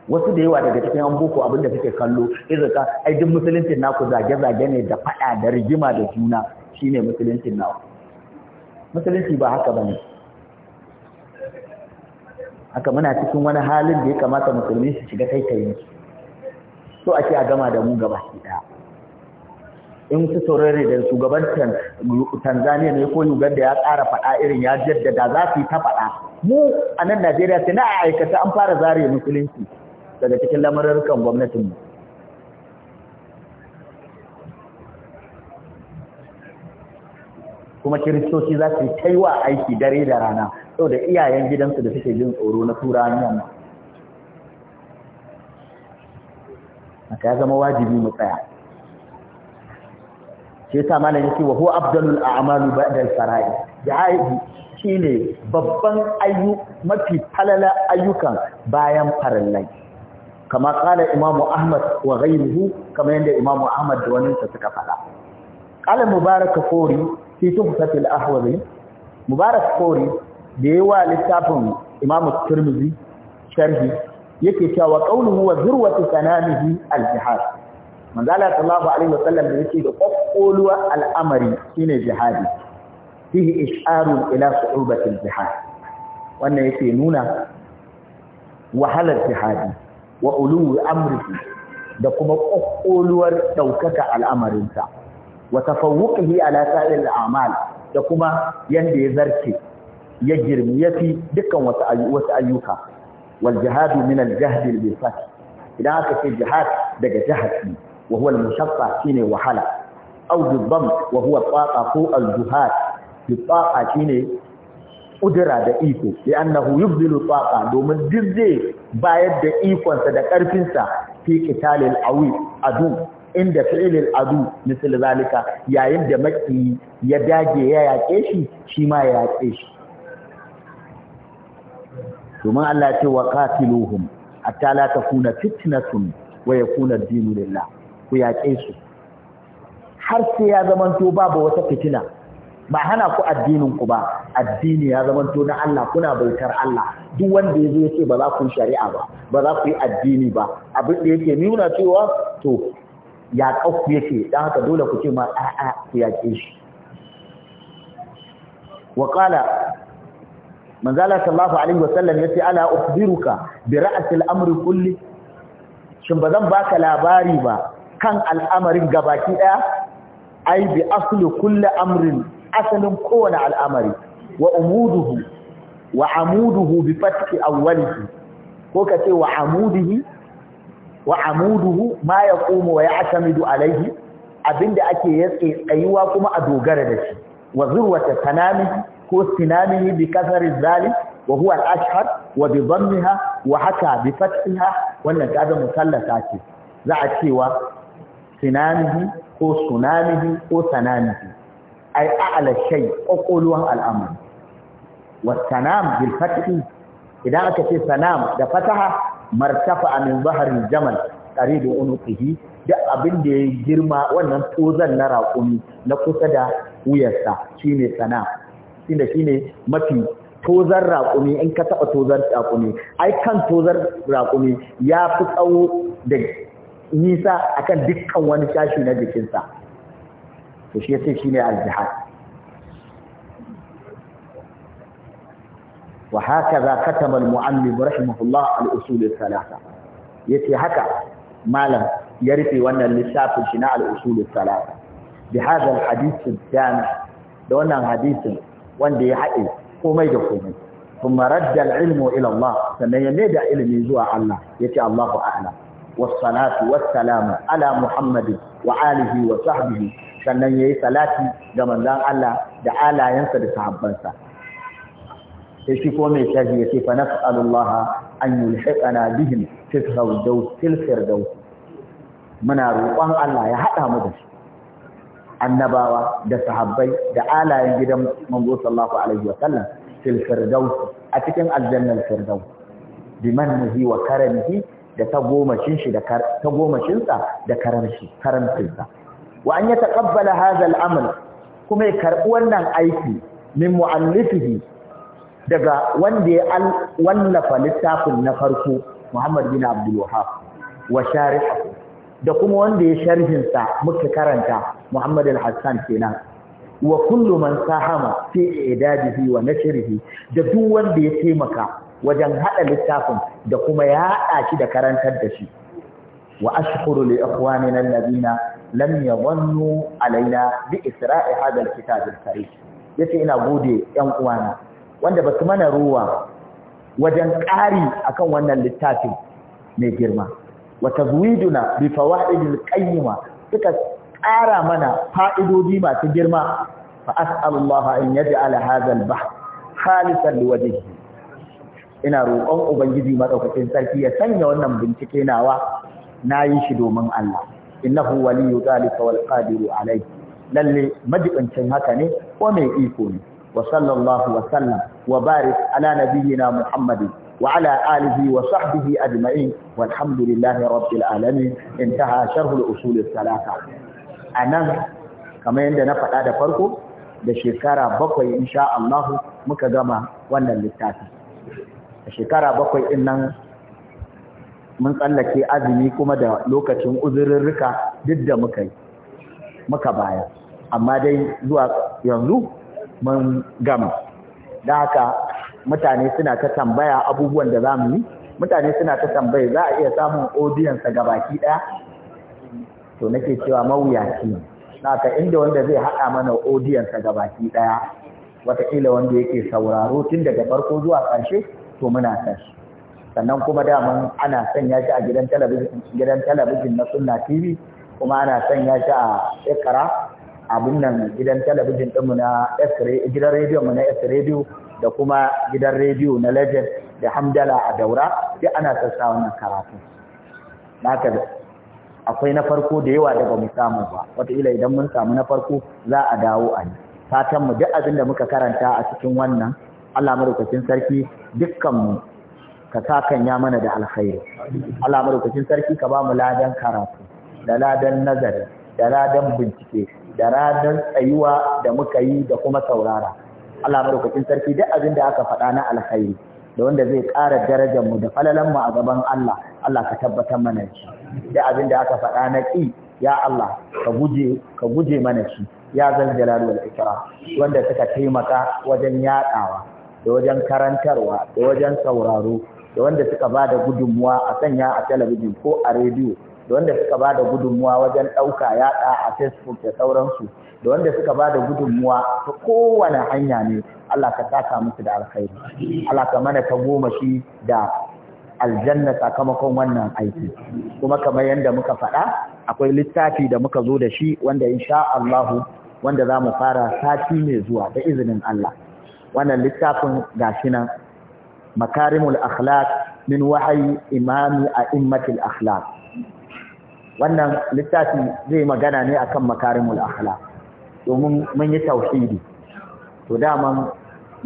wasu da yawa daga cikin an boko abin da suke kallo ka ai duk musuluncin naku zage-zage ne da faɗa da rigima da juna shine musuluncin naku musulunci ba haka bane haka muna cikin wani halin da ya kamata musulmi su shiga taitayin so a ce a gama da mu gaba shi in su saurari da shugaban Tanzania ne ko Uganda ya tsara faɗa irin ya jaddada za su yi ta faɗa mu a nan Najeriya sai na aikata an fara zare musulunci daga cikin lamarurkan gwamnatinmu kuma kiristoci za su ta yi wa aiki dare da rana sau da iyayen gidansu da suke jin tsoro na turawan nan Maka ya zama wajibi mu tsaya shi yasa malam yake wa ho abdullul a'malu ba'da al-fara'i jihadi shine babban mafi falala ayyukan bayan farallai kama kala imamu ahmad wa ghayruhu kama yanda imamu ahmad da wani sa suka fada qala mubarak fori fi tuhfatil ahwazi mubarak fori da yawa littafin imamu tirmidhi sharhi yake cewa qawluhu wa zurwatu sanamihi al-jihad manzala sallallahu alaihi wasallam da yake da al al'amari shine jihadi fihi isharun ila su'ubati al-jihad wannan yake nuna wahalar jihadi wa uluwi amrihi da kuma ƙwaƙƙoluwar ɗaukaka al'amarinsa wa tafawwuqihi ala sa'il al'amal da kuma yanda ya zarce ya girmi ya fi dukkan wata ayyuka wal jihadu min al jahd al bisat idan aka ce jihad daga jahadi wa huwa al mushaqqa shine wahala aw bidam wa huwa taqa ko al jihad bitaqa shine ƙudura da iko ya annahu yubdilu domin duk zai bayar da ikonsa da ƙarfinsa fi qitalil awi adu inda fi'ilil adu misal zalika yayin da maki ya dage ya yaƙe shi shi ma ya yaƙe shi domin Allah ya ce wa qatiluhum hatta la takuna fitnatun wa yakuna ad-dinu lillah ku yaƙe su har sai ya zamanto babu wata fitina ba hana ku addinin ku ba addini ya zama to na Allah kuna bautar Allah duk wanda yazo yace ba za ku yi shari'a ba ba za ku yi addini ba abin da yake nuna cewa to ya kauku yake dan haka dole ku ce ma a'a ku yaƙe shi wa qala manzala sallallahu alaihi sallam yace ala ukhbiruka bi al amri kulli shin bazan baka labari ba kan al'amarin gabaki daya ai bi aslu kulli amrin asalin kowane al'amari wa umuduhu wa amuduhu bi fathi awwalihi ko kace wa amudihi wa amuduhu ma yaqumu wa ya'tamidu alayhi abinda ake yatsa tsayuwa kuma a dogara da shi wa zurwata tanami ko sinamihi bi kasari zali wa huwa al wa bi dhammiha wa haka bi fathiha wannan kaza musallata ce za a cewa sinamihi ko sunamihi ko sanamihi ai a'ala shay kokoluwan al'amari wasanam bil fathi idan aka ce sanam da fataha martafa min bahril jamal qaribu unuqihi duk abin da ya girma wannan tozan na raƙumi na kusa da wuyarsa shine sanam shi shine mafi tozar raƙumi in ka taɓa tozar raƙumi ai kan tozar raƙumi ya fi tsawo da nisa akan dukkan wani shashi na jikinsa to shi yace shine al-jihad wa hakaza katama al-muallim rahimahullah al-usul al-thalatha yace haka malam ya rufe wannan lissafin shi na al-usul al-thalatha bi hadha al-hadith al-jami da wannan hadisin wanda ya haɗe komai da komai kuma radda al-ilmu ila Allah sannan ya da ilimi zuwa Allah yace Allahu a'lam والصلاة والسلام على محمد وآله وصحبه sannan ya yi salati ga manzan Allah da alayensa da sahabbansa sai shi ko mai shafi ya ce fa nas'alullah an yulhiqana bihim bihin firdaus fil muna roƙon Allah ya haɗa mu da shi annabawa da sahabbai da alayen gidan manzo sallallahu alaihi wa sallam fil firdaus a cikin aljannar firdaus bimannihi wa karamihi da ta gomashin da ta gomashin sa da karamshi karamcin wa an yataqabbala hadha al-amal kuma ya karbi wannan aiki min muallifihi daga wanda ya wallafa littafin na farko Muhammad bin Abdul wa sharihu da kuma wanda ya sharhinsa sa muka karanta Muhammad al-Hassan kenan wa kullu man sahama fi idadihi wa nashrihi da duk wanda ya taimaka wajen haɗa littafin da kuma ya haɗa shi da karantar da shi wa ashkuru li ikhwanina alladhina lam wannu alaina bi isra'i hada alkitab alkarim yace ina gode yan uwana wanda ba su mana ruwa wajen ƙari akan wannan littafin mai girma wa tazwiduna bi fawaidil qayyima suka ƙara mana fa'idodi masu girma fa as'alullaha an yaj'ala hadha al-bahr khalisan liwajhihi ina roƙon ubangiji madaukakin sarki ya sanya wannan bincike nawa nayi shi domin Allah innahu waliyyu zalika wal qadiru alayhi lalle majibancin haka ne ko mai iko ne wa sallallahu wa sallam wa barik ala nabiyyina muhammadin وعلى آله وصحبه أجمعين والحمد لله رب العالمين انتهى شرح الأصول الثلاثة أنا na faɗa da farko, da shekara bakwai insha Allah muka gama wannan littafi shekara bakwai din nan mun tsallake azumi kuma da lokacin uzururruka duk da muka yi muka baya amma dai zuwa yanzu mun gama da haka mutane suna ta tambaya abubuwan da za mu yi mutane suna ta tambaye za a iya samun audiyansa ga baki ɗaya to nake cewa mawuyaci ne haka inda wanda zai haɗa mana audiyansa ga daya ɗaya wataƙila wanda yake sauraro tun daga farko zuwa ƙarshe to muna tashi sannan kuma daman ana sanya shi a gidan talabijin gidan talabijin na sunna tv kuma ana sanya shi a ikara abin nan gidan talabijin ɗinmu na gidan rediyo mu na s radio da kuma gidan rediyo na legend da hamdala a daura duk ana sassa wannan karatu na naka akwai na farko da yawa da ba mu samu ba wataƙila idan mun samu na farko za a dawo a yi fatanmu duk abin da muka karanta a cikin wannan allah madaukakin sarki dukkanmu ka sa kan ya mana da alkhairi Allah madaukakin sarki ka ba mu ladan karatu da ladan nazari da ladan bincike da ladan tsayuwa da muka yi da kuma saurara Allah madaukakin sarki duk abin da aka faɗa na alkhairi da wanda zai ƙara darajar mu da falalan mu a gaban Allah Allah ka tabbatar mana shi duk abin da aka faɗa na ki ya Allah ka guje ka guje mana shi ya zan jalalu wal ikram wanda suka taimaka wajen yadawa da wajen karantarwa da wajen sauraro da wanda suka ba da gudunmuwa a sanya a talabijin ko a rediyo da wanda suka ba da gudunmuwa wajen ɗauka yaɗa a facebook da sauransu da wanda suka ba da gudunmuwa ta kowane hanya ne Allah ka saka musu da alkhairi Allah ka mana ta goma shi da aljanna sakamakon wannan aiki kuma kamar yadda muka faɗa akwai littafi da muka zo da shi wanda insha Allah wanda za mu fara sati mai zuwa da izinin Allah wannan littafin gashi nan makarimul akhlaq min wahayi imami a immatil akhlaq wannan littafi zai magana ne akan makarimul akhlaq domin mun yi tauhidi to daman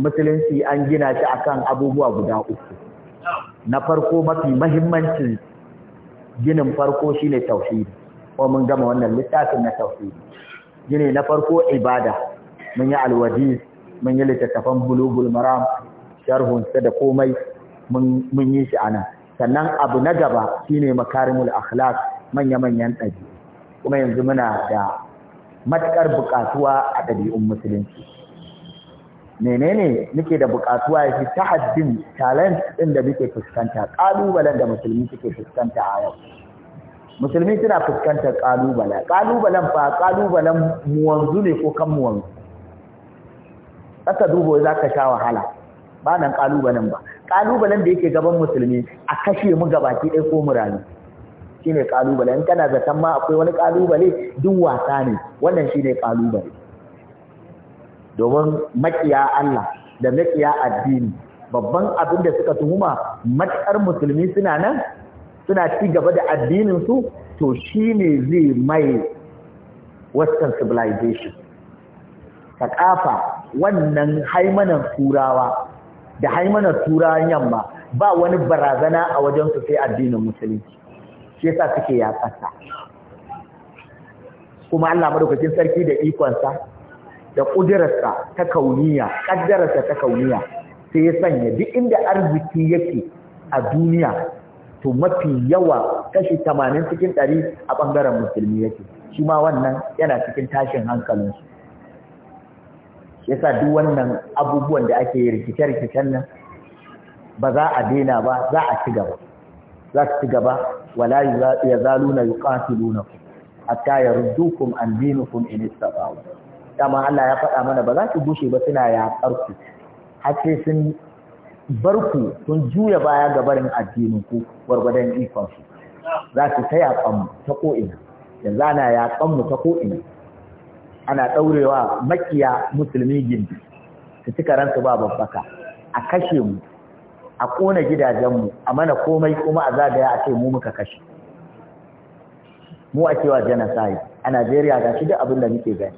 musulunci an gina shi akan abubuwa guda uku na farko mafi mahimmancin ginin farko shine tauhidi ko mun gama wannan littafin na tauhidi gine na farko ibada mun yi alwadi mun yi littattafan bulugul maram sharhunsa da komai mun yi shi nan sannan abu na gaba shine makarimul akhlaq manya-manyan ɗabi kuma yanzu muna da matukar buƙatuwa a ɗabi'un musulunci menene muke da buƙatuwa ya fi ta'addin talent ɗin da muke fuskanta ƙalubalen da musulmi suke fuskanta a yau musulmi suna fuskantar ƙalubale ƙalubalen fa ƙalubalen mu ne ko kan mu wanzu dubo za ka sha wahala ba nan kalubalen ba ƙalubalen da yake gaban musulmi a kashe mu gabaki ɗaya ko mu shine ƙalubale in kana zaton ma akwai wani kalubale duk wasa ne wannan shine kalubale domin maƙiya Allah da maƙiya addini babban abin da suka tuhuma matsar musulmi suna nan suna ci gaba da addinin su to shine zai mai western civilization ta kafa wannan haimanan turawa da haimanar turawan yamma ba wani barazana a wajen su sai addinin musulunci shi yasa suke yakarsa kuma Allah madaukakin sarki da ikonsa da kudirarsa ta kauniya kaddararsa ta kauniya sai ya sanya duk inda arziki yake a duniya to mafi yawa kashi 80 cikin 100 a bangaren musulmi yake shi ma wannan yana cikin tashin hankalinsu yasa duk wannan abubuwan da ake rikice-rikicen nan ba za a daina ba za a ci gaba za su ci gaba wala yazaluna a hatta dukun an kun in dama Allah ya faɗa mana ba za su gushe ba suna yaƙar ku har sun barku, sun juya baya ga barin addinin ku gwargwadon ikon su za su ta yaƙan mu ta ko'ina yanzu ana yaƙan mu ta ko'ina ana ɗaurewa makiya musulmi gindi su cika ransu ba babbaka a kashe mu a ƙona gidajenmu a mana komai kuma a zagaya a ce mu muka kashe mu a cewa Janasai a Najeriya ga shi duk abin da muke gani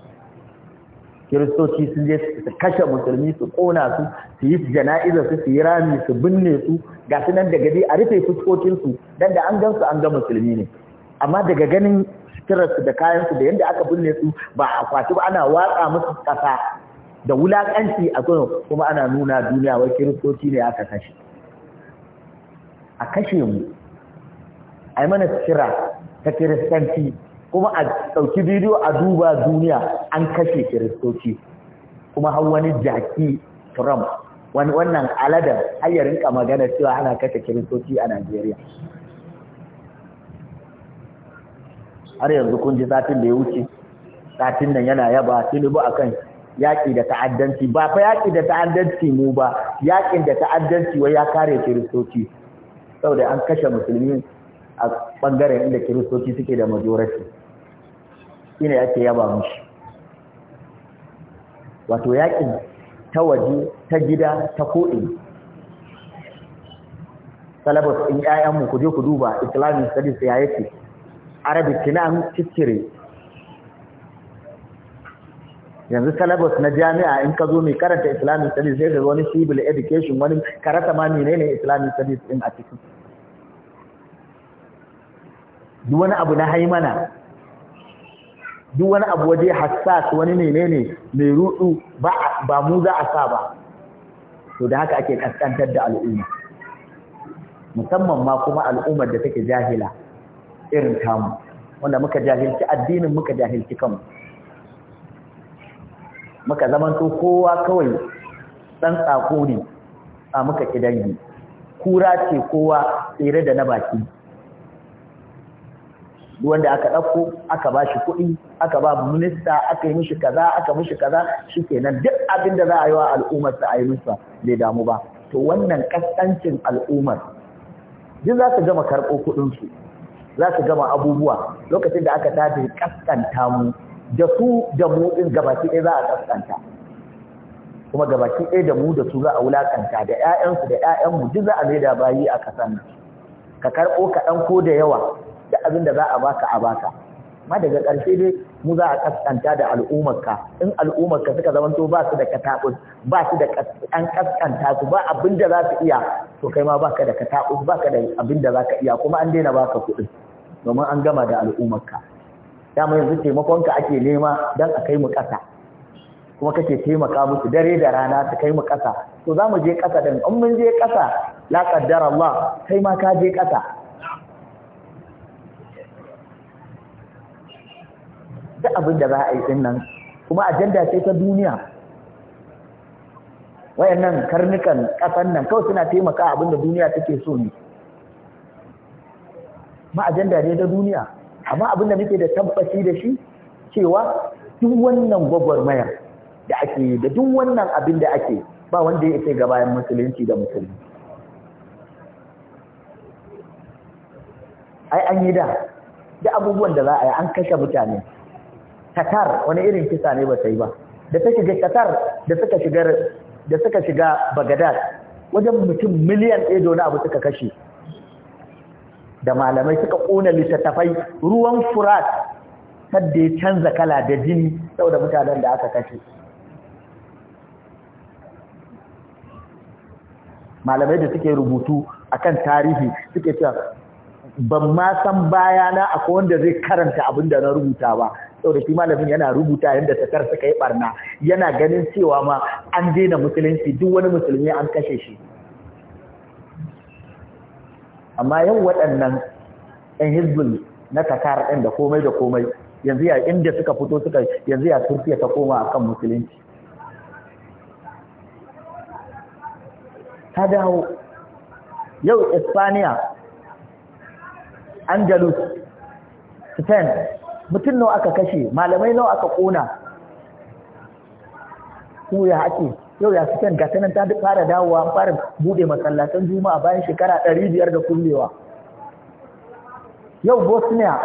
kiristoci sun je su kashe musulmi su ƙona su su yi jana'izar su su yi rami su binne su ga su nan daga dai a rufe fuskokinsu dan da an gan su an ga musulmi ne amma daga ganin suturarsu da kayansu da yadda aka binne su ba a kwaci ba ana watsa musu kasa da wulaƙanci a gurin kuma ana nuna duniya wai kiristoci ne aka kashe a kashe mu a yi mana ta kiristanci kuma a ɗauki bidiyo a duba duniya an kashe kiristoci kuma har wani jaki trump wannan aladar har ya rinka magana cewa ana kashe kiristoci a najeriya har yanzu kun ji satin da ya wuce satin nan yana yaba tinubu akan yaƙi da ta'addanci ba fa yaƙi da ta'addanci mu ba yaƙin da ta'addanci wai ya kare kiristoci saboda an kashe musulmi a ɓangaren inda kiristoci suke da majority shine ake yaba mushi wato yaƙin ta waje ta gida ta ko'in salabas in 'ya'yanmu ku je ku duba islamic studies ya yake arabic kina an ciccire yanzu syllabus na jami'a in ka zo mai karanta islamic studies sai da wani civil education wani karanta ma ne islamic studies din a cikin duk wani abu na haimana duk wani abu waje hassas wani ne ne mai rudu ba ba mu za a sa ba to da haka ake kaskantar da al'umma musamman ma kuma al'ummar da take jahila irin tamu wanda muka jahilci addinin muka jahilci kanmu muka zamanto kowa kawai ɗan tsako ne a muka kidangi kura ce kowa tsere da na baki wanda aka ɗauko aka ba shi kuɗi aka ba minista aka yi mishi kaza aka mishi kaza shi kenan duk abin da za a yi wa al'ummar ta a yi musa bai damu ba to wannan kasancin al'ummar duk za su gama karɓo kuɗinsu za su gama abubuwa lokacin da aka tafi kaskanta mu da su da mu din gabaki ɗaya za a kaskanta kuma gabaki ɗaya da mu da su za a wulakanta da ƴaƴansu da ƴaƴanmu duk za a maida bayi a kasan nan ka karɓo kaɗan ko da yawa da abin da za a baka a baka amma daga ƙarshe dai mu za a kaskanta da al'ummarka in al'ummarka suka zama to ba su da kataɓus ba su da an kaskanta su ba abin da za su iya to kai ma baka da kataɓus baka da abin da za ka iya kuma an daina baka kuɗin domin an gama da al'ummarka dama yanzu taimakonka ake nema don a kai mu ƙasa kuma kake taimaka musu dare da rana su kai mu ƙasa to za mu je ƙasa din in mun je ƙasa la qaddara Allah kai ma ka je ƙasa duk abin da ba a yi nan kuma ajanda ce ta duniya wayannan karnukan kasan nan kawai suna taimaka abin da duniya take so ne ma ajanda ne ta duniya amma abin da muke da tabbaci da shi cewa duk wannan gwagwarmaya da ake yi da duk wannan abin da ake ba wanda ya ce gabayan musulunci da musulmi ai an yi da da abubuwan da za a yi an kashe mutane Katar wani irin kisa ne ba ta yi ba da ta shiga Qatar da suka shiga da suka shiga wajen mutum miliyan ɗaya dona abu suka kashe da malamai suka ƙona littattafai ruwan furat sadda ya canza kala da jini saboda mutanen da aka kashe malamai da suke rubutu akan tarihi suke cewa ban ma san na akwai wanda zai karanta abin da na rubuta ba saboda malamin yana rubuta yadda takar suka yi barna yana ganin cewa ma an daina musulunci duk wani musulmi an kashe shi amma yau waɗannan ɗan hizbul na takara ɗin da komai da komai yanzu ya inda suka fito suka yanzu ya turfiya ta koma akan musulunci ta dawo yau ispaniya Angelus spain mutum nawa aka kashe malamai nawa aka kona ku ya ake yau ya spain ga sanan ta fara dawowa fara bude masallatan juma'a bayan shekara 500 da kullewa yau bosnia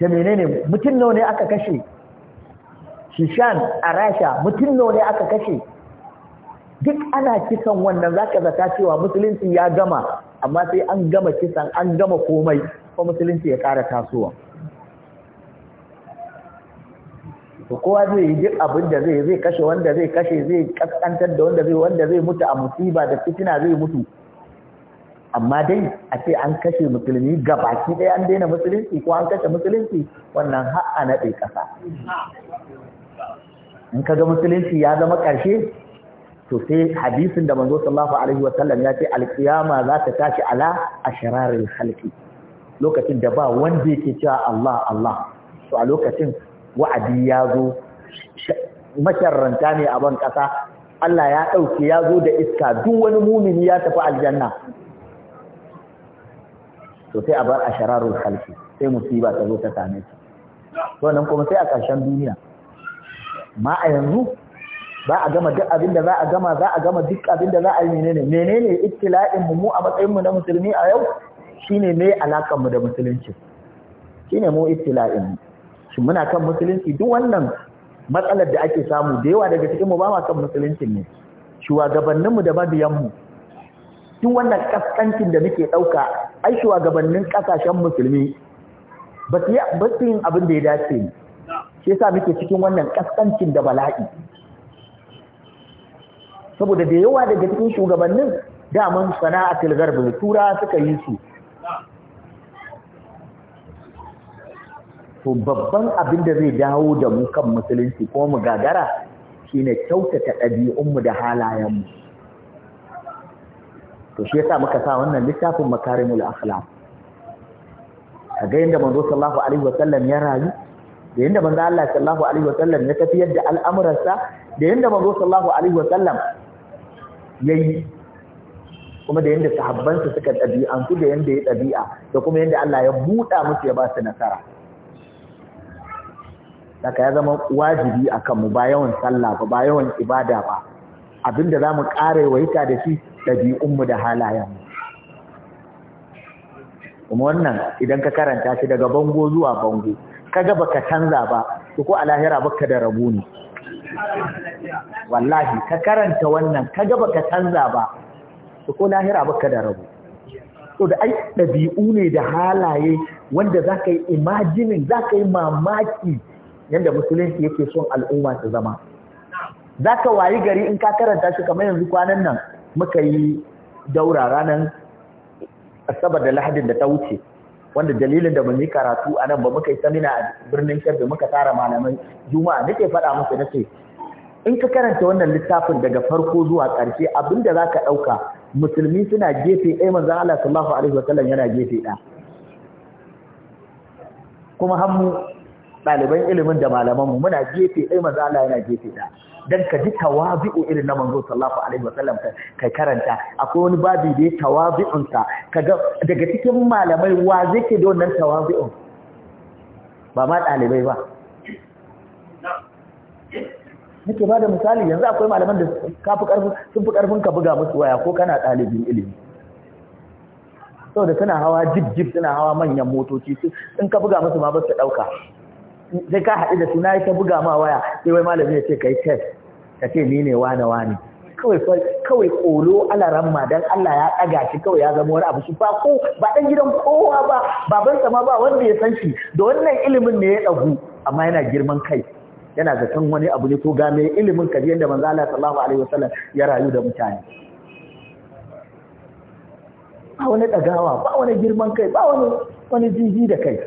da menene mutum nawa ne aka kashe shishan a rasha mutum nawa ne aka kashe duk ana kisan wannan zaka zata cewa musulunci ya gama amma sai an gama kisan an gama komai ko musulunci ya kara tasowa to kowa zai yi duk abin da zai zai kashe wanda zai kashe zai kaskantar da wanda zai wanda zai mutu a musiba da fitina zai mutu amma dai a ce an kashe musulmi gabaki ɗaya an daina musulunci ko an kashe musulunci wannan har a naɗe ƙasa in ka ga musulunci ya zama ƙarshe to sai hadisin da manzo sallallahu alaihi wasallam ya ce alkiyama za ta tashi ala asrarul khalqi lokacin da ba wanda yake cewa Allah Allah to a lokacin wa'adi ya zo masharranta ne a ban kasa Allah ya dauke ya zo da iska duk wani mumini ya tafi aljanna to sai a bar ashrarul khalqi sai musiba ta zo ta same shi to nan kuma sai a ƙarshen duniya ma a yanzu za a gama duk abin da za a gama za a gama duk abin da za a yi menene menene ittila'in mu a matsayin na musulmi a yau shine me alakan mu da musulunci shine mu ittila'in shi muna kan musulunci duk wannan matsalar da ake samu da yawa daga cikin mu ba ma kan musulunci ne shugabannin mu da mabiyan mu duk wannan kaskancin da muke dauka ai shugabannin kasashen musulmi ba su yi abin da ya dace ne shi yasa muke cikin wannan kaskancin da bala'i saboda da yawa daga cikin shugabannin daman sana'atul garbi tura suka yi su to babban abin da zai dawo da mu kan musulunci ko mu gagara shine kyautata mu da halayen mu. to shi yasa muka sa wannan littafin makarimul akhlaq kaga inda manzo sallallahu alaihi wasallam ya rayu da yanda manzo Allah sallallahu alaihi wasallam ya tafiyar da al'amuransa da yanda manzo sallallahu alaihi wasallam yi kuma da yadda sahabbansa suka ɗabi'antu da yadda ya ɗabi'a da kuma yadda Allah ya buɗa musu ya ba su nasara daga ya zama wajibi a kanmu ba yawan sallah ba ba yawan ibada ba abinda za mu ƙara waita da shi ɗabi'unmu da halayenmu kuma wannan idan ka karanta shi daga bango zuwa bango ka gaba ka canza ba to ko a lahira baka da rabu ne wallahi ka karanta wannan ka gaba ka canza ba to ko lahira baka da rabu to da ai ɗabi'u ne da halaye wanda za ka yi imajinin za ka yi mamaki yadda musulunci yake son al'umma su zama za ka wayi gari in ka karanta shi kamar yanzu kwanan nan muka yi daura ranar asabar da lahadin da ta wuce wanda dalilin da mun yi karatu a nan ba muka yi samina a birnin Kebbi muka tara malaman Juma'a nake faɗa musu nake in ka karanta wannan littafin daga farko zuwa ƙarshe abinda za ka ɗauka musulmi suna gefe ɗaya manzan Allah sallallahu alaihi sallam yana gefe ɗaya kuma hannu ɗaliban ilimin da malamanmu muna gefe ɗaya manzan Allah yana gefe ɗaya dan ka ji tawazi'u irin na manzo sallallahu alaihi wasallam kai karanta akwai wani babi da ya tawazi'un ka kaga daga cikin malamai wa zake da wannan tawazi'un ba ma dalibai ba nake ba da misali yanzu akwai malaman da kafi karfin sun fi karfin ka buga musu waya ko kana ɗalibin ilimi saboda suna hawa jib jib suna hawa manyan motoci in ka buga musu ma ba su ɗauka sai ka haɗu da suna ta buga ma waya sai wai malami ya ce kai test ka ce ni ne wane wane kawai kolo alaran ma dan Allah ya ɗaga shi kawai ya zama wani abu shi ba ko ba ɗan gidan kowa ba babansa ma ba wanda ya san shi da wannan ilimin ne ya ɗagu amma yana girman kai yana zaton wani abu ne ko game ilimin kaji yadda manzo Allah sallallahu alaihi wasallam ya rayu da mutane ba wani ɗagawa ba wani girman kai ba wani wani jiji da kai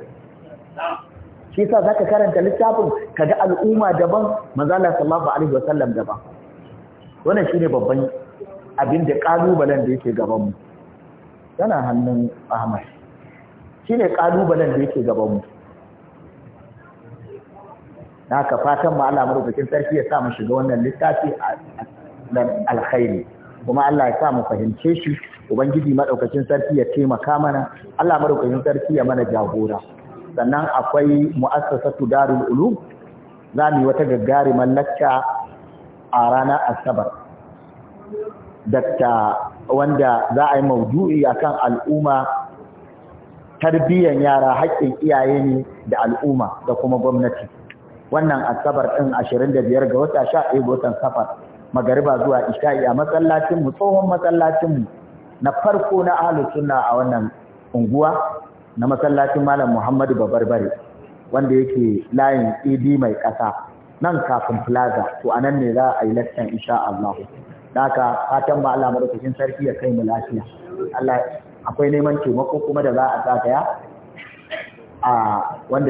shi yasa zaka karanta littafin ka ga al'umma daban manzala sallallahu alaihi sallam daban wannan shine babban abin da kalubalen da yake gaban mu yana hannun Ahmad shine kalubalen da yake gaban mu ka fatan mu Allah madaukakin sarki ya sa mu shiga wannan littafi alkhairi kuma Allah ya sa mu fahimce shi ubangiji madaukakin sarki ya taimaka mana Allah madaukakin sarki ya mana jagora sannan akwai mu'assasatu darul ulum za wata gaggarimar lacca a ranar asabar dakta wanda za a yi maudu'i akan al'umma tarbiyyar yara haƙƙin iyaye ne da al'umma da kuma gwamnati wannan asabar ɗin 25 ga wata 11 ga watan safar magariba zuwa isha'i a mu tsohon masallacin mu na farko na sunna a wannan unguwa na masallacin Malam Muhammadu Babarbare wanda yake layin ED mai ƙasa nan kafin plaza to a nan ne za a yi lecture insha Allah haka fatan ba Allah madaukakin sarki ya kai mu lafiya akwai neman taimako kuma da za a tsagaya a wanda